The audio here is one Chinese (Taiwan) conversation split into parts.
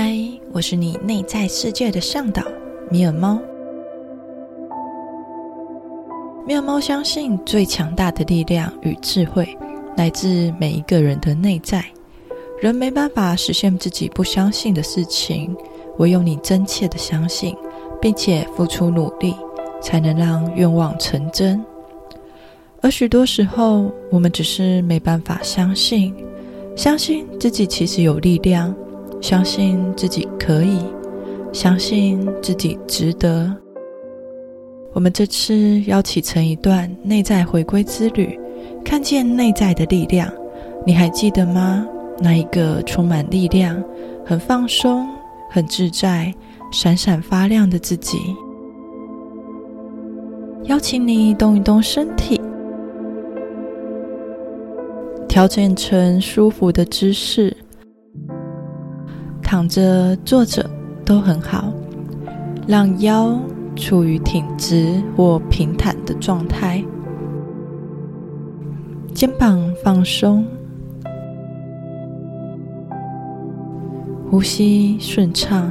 嗨，Hi, 我是你內在世界的嚮導，米爾貓。米爾貓相信，最強大的力量與智慧來自每一個人的內在。人沒辦法實現自己不相信的事情，唯有你真切的相信，並且付出努力，才能讓願望成真。而許多時候，我們只是沒辦法相信，相信自己其實有力量。相信自己可以，相信自己值得。我們這次要啟程一段內在回歸之旅，看見內在的力量。你還記得嗎？那一個充滿力量、很放鬆、很自在、閃閃發亮的自己。邀請你動一動身體，調整成舒服的姿勢。躺着、坐着都很好，讓腰處於挺直或平坦的狀態，肩膀放鬆，呼吸順暢，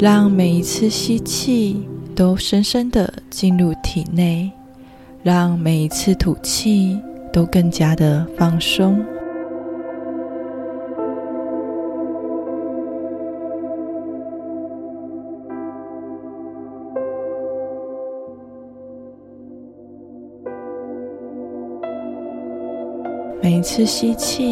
讓每一次吸氣都深深的進入體內，讓每一次吐氣都更加的放鬆。每一次吸氣，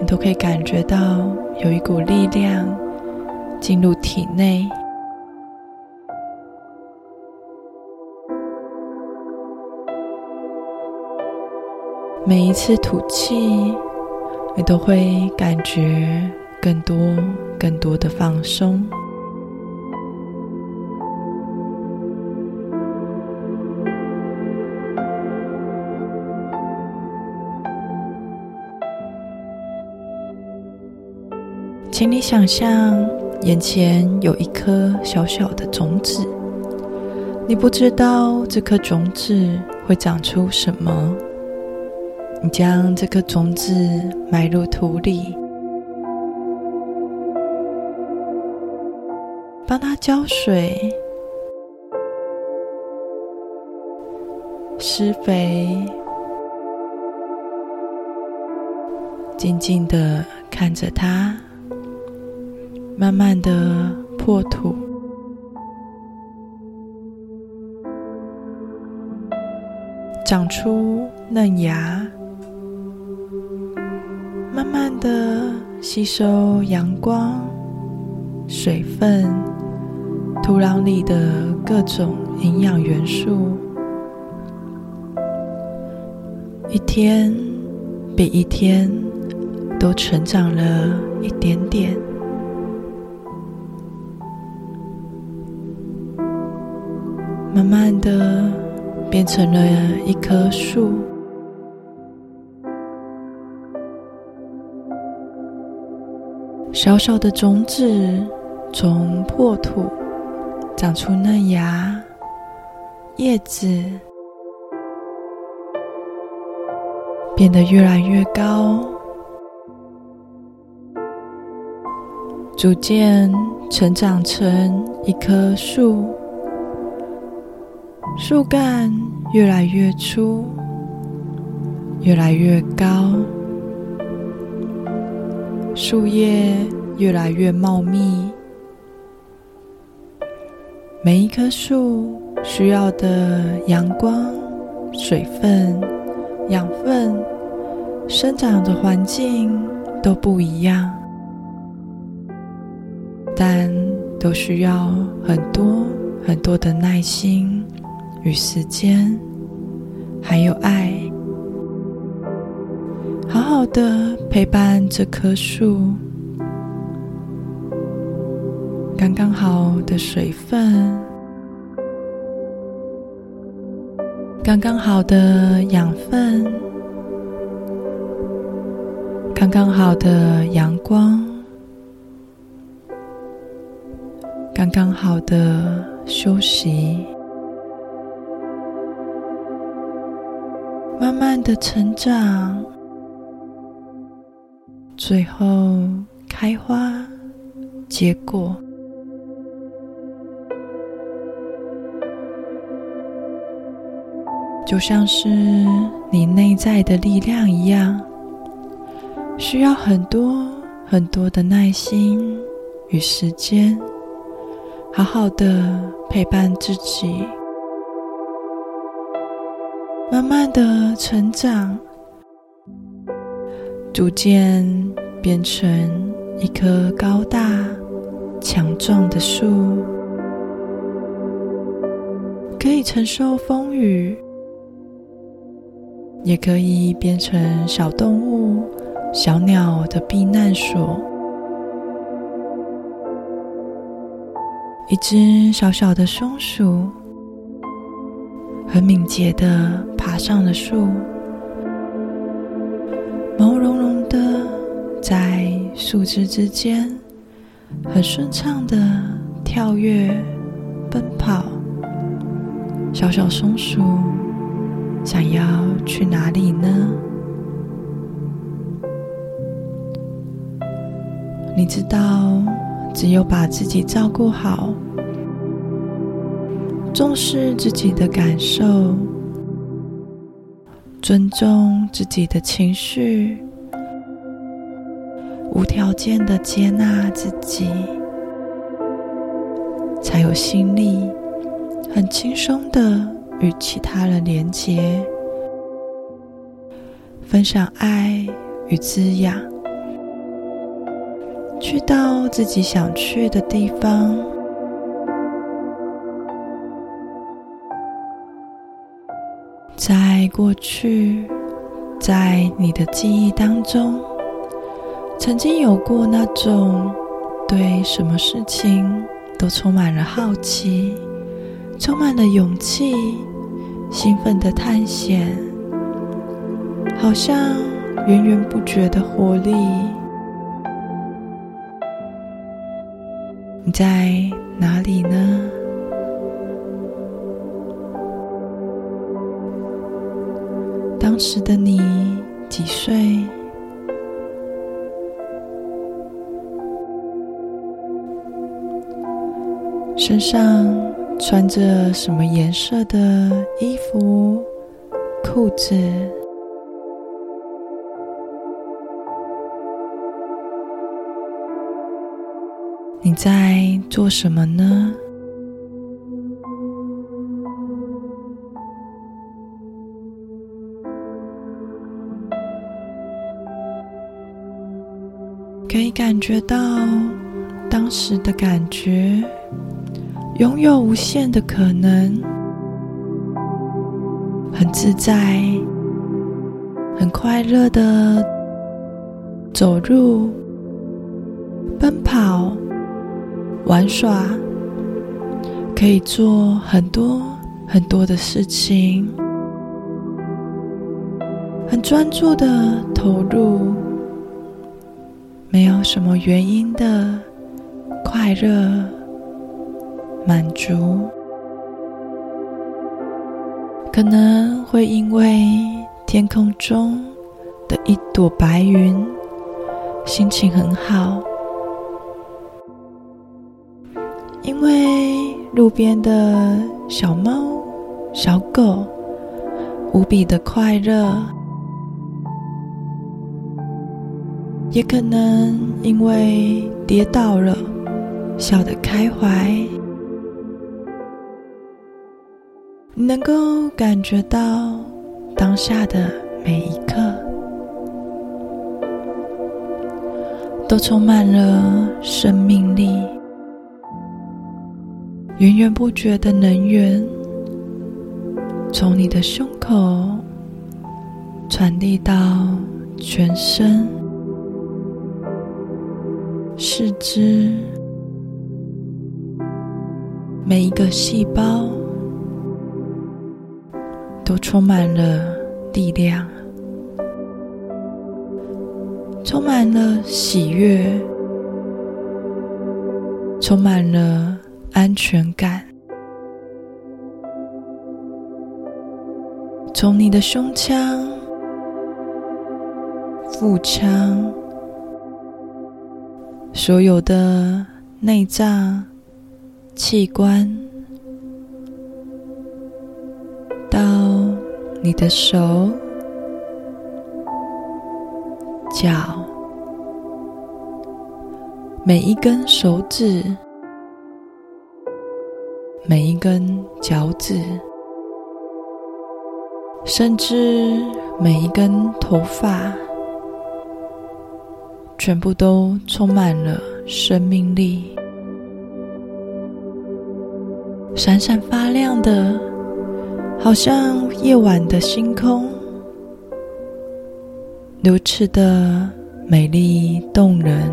你都可以感覺到有一股力量進入體內；每一次吐氣，你都會感覺更多、更多的放鬆。請你想象，眼前有一顆小小的種子，你不知道這顆種子會長出什麼。你將這顆種子埋入土裡，幫它澆水、施肥，靜靜的看着它。慢慢的破土，長出嫩芽，慢慢的吸收陽光、水分、土壤裡的各種營養元素，一天比一天都成長了一點點。慢慢的，變成了一棵樹。小小的種子從破土，長出嫩芽，葉子變得越來越高，逐漸成長成一棵樹。樹幹越來越粗，越來越高，樹葉越來越茂密。每一棵樹需要的陽光、水分、養分、生長的環境都不一樣，但都需要很多很多的耐心。與時間，還有愛，好好的陪伴這棵樹。剛剛好的水分，剛剛好的養分，剛剛好的陽光，剛剛好的休息。慢慢的成長，最後，開花結果，就像是你內在的力量一樣，需要很多很多的耐心與時間，好好的陪伴自己。慢慢的成長，逐漸變成一棵高大、強壯的樹，可以承受風雨，也可以變成小動物、小鳥的避難所。一隻小小的松鼠。很敏捷地爬上了樹，毛茸茸的在樹枝之間，很順暢地跳躍奔跑。小小松鼠想要去哪裡呢？你知道，只有把自己照顧好。重視自己的感受，尊重自己的情緒，無條件的接納自己，才有心力，很輕鬆的與其他人連接，分享愛與滋養，去到自己想去的地方。你過去，在你的記憶當中，曾經有過那種對什麼事情都充滿了好奇、充滿了勇氣、興奮的探險，好像源源不絕的活力。你在哪裡呢？當時的你幾歲？身上穿着什麼顏色的衣服、褲子？你在做什麼呢？可以感覺到當時的感覺，擁有無限的可能，很自在，很快樂的走路、奔跑、玩耍，可以做很多很多的事情，很專注的投入。什麼原因的快樂滿足，可能會因為天空中的一朵白雲，心情很好，因為路邊的小貓、小狗無比的快樂。也可能因為跌倒了，笑得開懷，能夠感覺到當下的每一刻都充滿了生命力，源源不絕的能源從你的胸口傳遞到全身。四肢，每一個細胞都充滿了力量，充滿了喜悅，充滿了安全感。從你的胸腔、腹腔。所有的內臟、器官，到你的手、腳，每一根手指，每一根腳趾，甚至每一根頭髮。全部都充滿了生命力，閃閃發亮的，好像夜晚的星空，如此的美麗動人。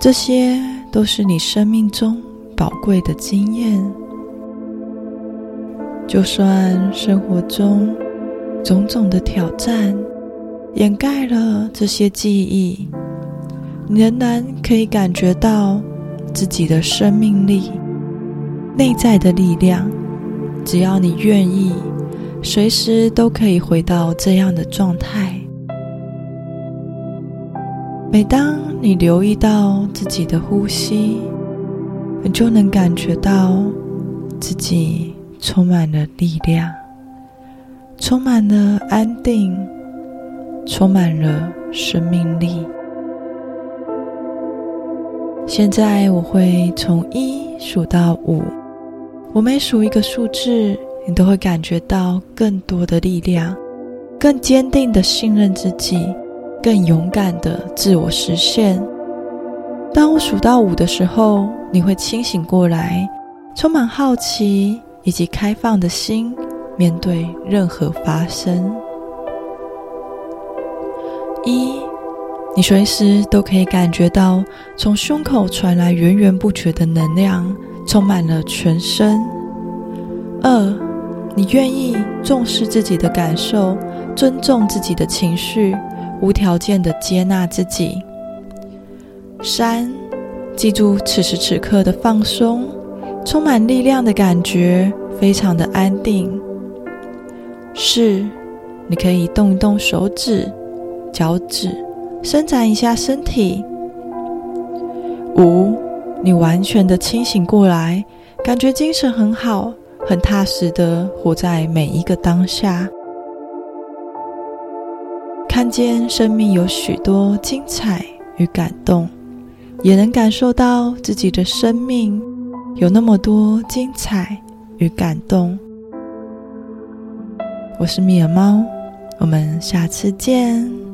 這些都是你生命中寶貴的經驗。就算生活中種種的挑戰掩蓋了這些記憶，你仍然可以感覺到自己的生命力、內在的力量。只要你願意，隨時都可以回到這樣的狀態。每當你留意到自己的呼吸，你就能感覺到自己。充滿了力量，充滿了安定，充滿了生命力。現在我會從一數到五，我每數一個數字，你都會感覺到更多的力量，更堅定地信任自己，更勇敢地自我實現。當我數到五的時候，你會清醒過來，充滿好奇。以及開放的心，面對任何發生。一，你隨時都可以感覺到從胸口傳來源源不絕的能量，充滿了全身。二，你願意重視自己的感受，尊重自己的情緒，無條件地接納自己。三，記住此時此刻的放鬆。充滿力量的感覺，非常的安定。四，你可以動一動手指、腳趾，伸展一下身體。五，你完全的清醒過來，感覺精神很好，很踏實的活在每一個當下。看見生命有許多精彩與感動，也能感受到自己的生命。有那麼多精彩與感動，我是米爾貓，我們下次見。